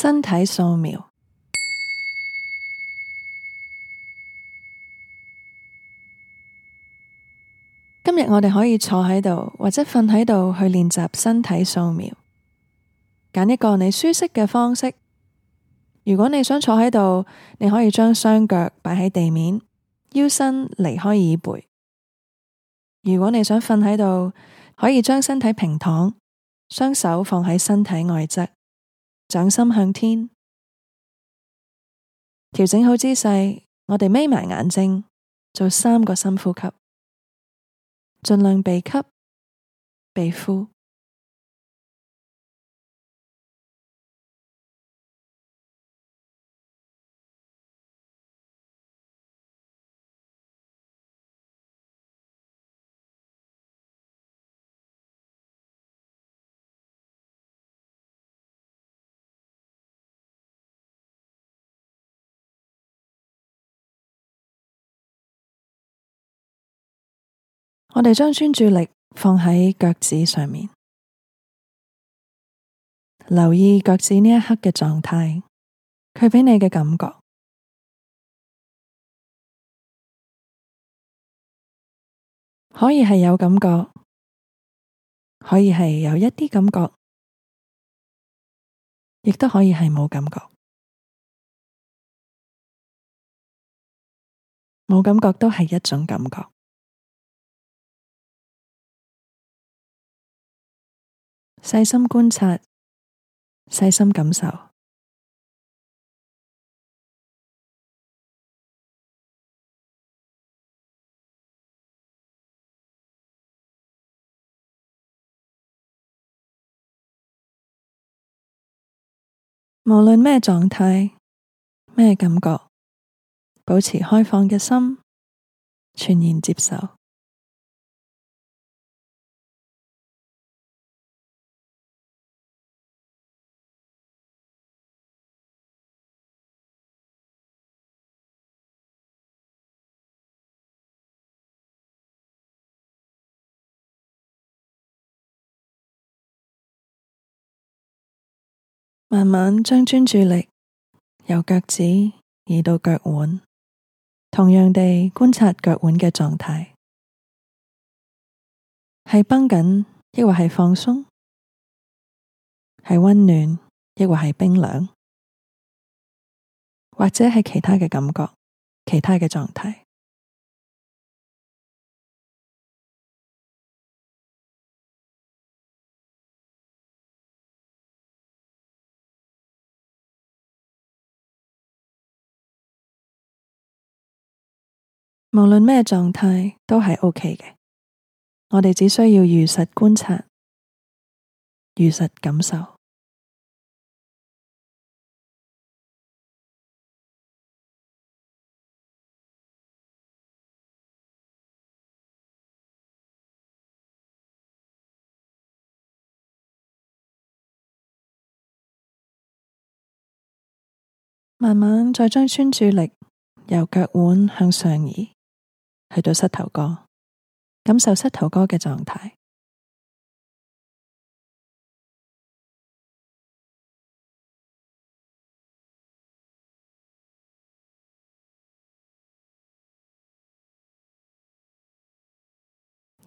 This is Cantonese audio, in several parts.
身體掃描。今日我哋可以坐喺度或者瞓喺度去練習身體掃描。揀一個你舒適嘅方式。如果你想坐喺度，你可以將雙腳擺喺地面，腰身離開椅背。如果你想瞓喺度，可以將身體平躺，雙手放喺身體外側。掌心向天，調整好姿勢，我哋眯埋眼睛，做三個深呼吸，盡量鼻吸、鼻呼。我哋將專注力放喺腳趾上面，留意腳趾呢一刻嘅狀態，佢俾你嘅感覺可以係有感覺，可以係有一啲感覺，亦都可以係冇感覺。冇感覺都係一種感覺。細心觀察，細心感受，無論咩狀態，咩感覺，保持開放嘅心，全然接受。慢慢將專注力由腳趾移到腳腕，同樣地觀察腳腕嘅狀態，係繃緊，抑或係放鬆，係溫暖，抑或係冰涼，或者係其他嘅感覺，其他嘅狀態。無論咩狀態都係 OK 嘅，我哋只需要如實觀察、如實感受，慢慢再將專注力由腳腕向上移。去到膝頭哥，感受膝頭哥嘅狀態，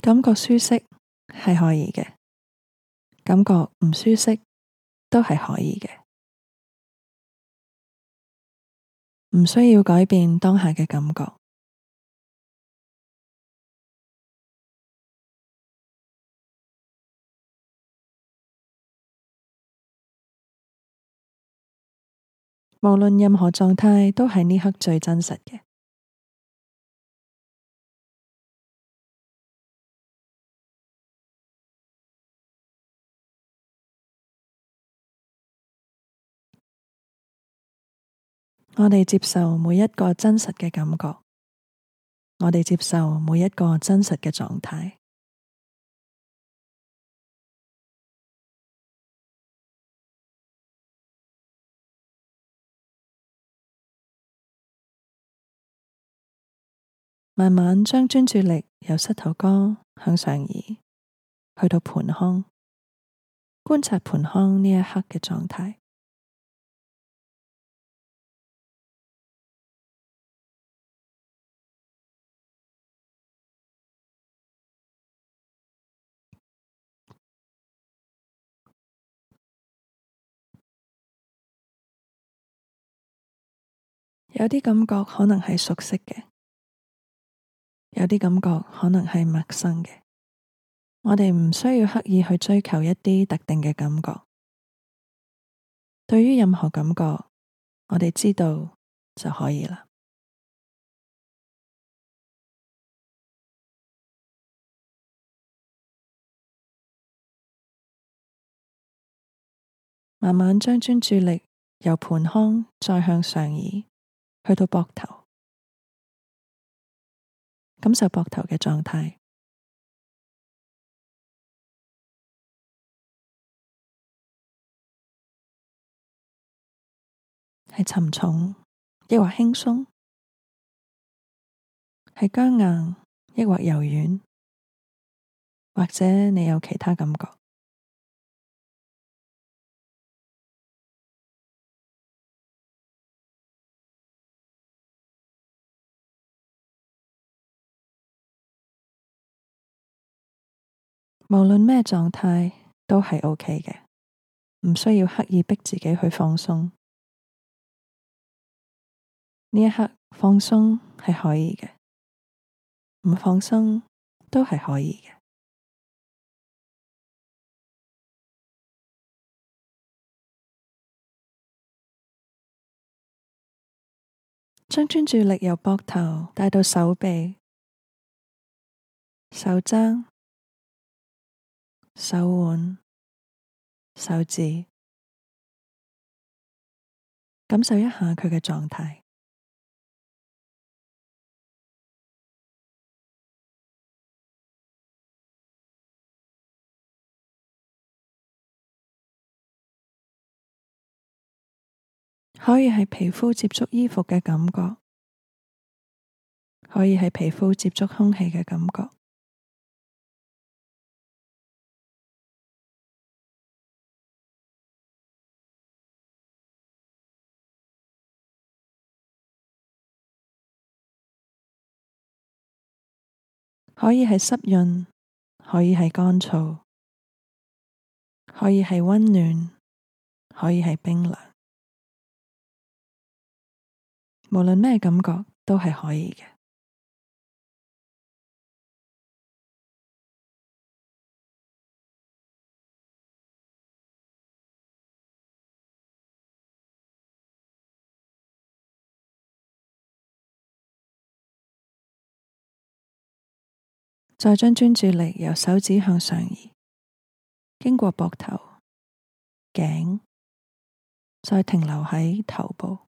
感覺舒適係可以嘅，感覺唔舒適都係可以嘅，唔需要改變當下嘅感覺。無論任何狀態，都係呢刻最真實嘅。我哋接受每一個真實嘅感覺，我哋接受每一個真實嘅狀態。慢慢將專注力由膝頭哥向上移，去到盆腔，觀察盆腔呢一刻嘅狀態。有啲感覺可能係熟悉嘅。有啲感覺可能係陌生嘅，我哋唔需要刻意去追求一啲特定嘅感覺。對於任何感覺，我哋知道就可以啦。慢慢將專注力由盤腔再向上移，去到膊頭。感受膊頭嘅狀態，係沉重，亦或輕鬆；係僵硬，亦或柔軟，或者你有其他感覺。無論咩狀態都係 OK 嘅，唔需要刻意逼自己去放鬆。呢一刻放鬆係可以嘅，唔放鬆都係可以嘅。將專注力由膊頭帶到手臂、手踭。手腕、手指，感受一下佢嘅狀態，可以係皮膚接觸衣服嘅感覺，可以係皮膚接觸空氣嘅感覺。可以係濕潤，可以係乾燥，可以係溫暖，可以係冰涼，無論咩感覺都係可以嘅。再將專注力由手指向上移，經過膊頭、頸，再停留喺頭部，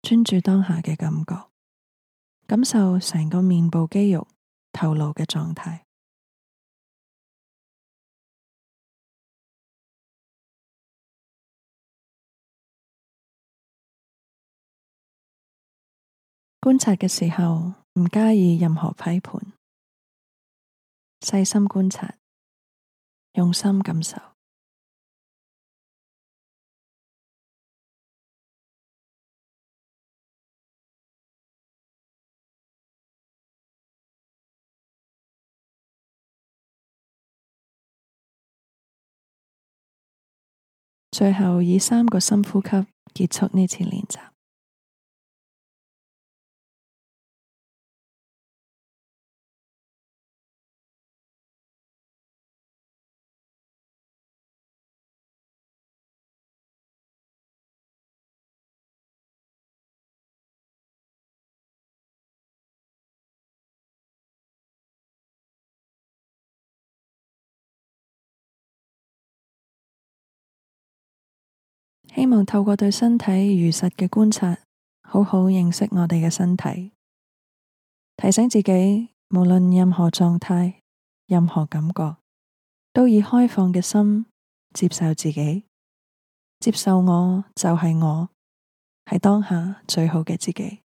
專注當下嘅感覺，感受成個面部肌肉、頭顱嘅狀態。觀察嘅時候，唔加以任何批判，細心觀察，用心感受。最後以三個深呼吸結束呢次練習。希望透過對身體如實嘅觀察，好好認識我哋嘅身體，提醒自己無論任何狀態、任何感覺，都以開放嘅心接受自己，接受我就係我，係當下最好嘅自己。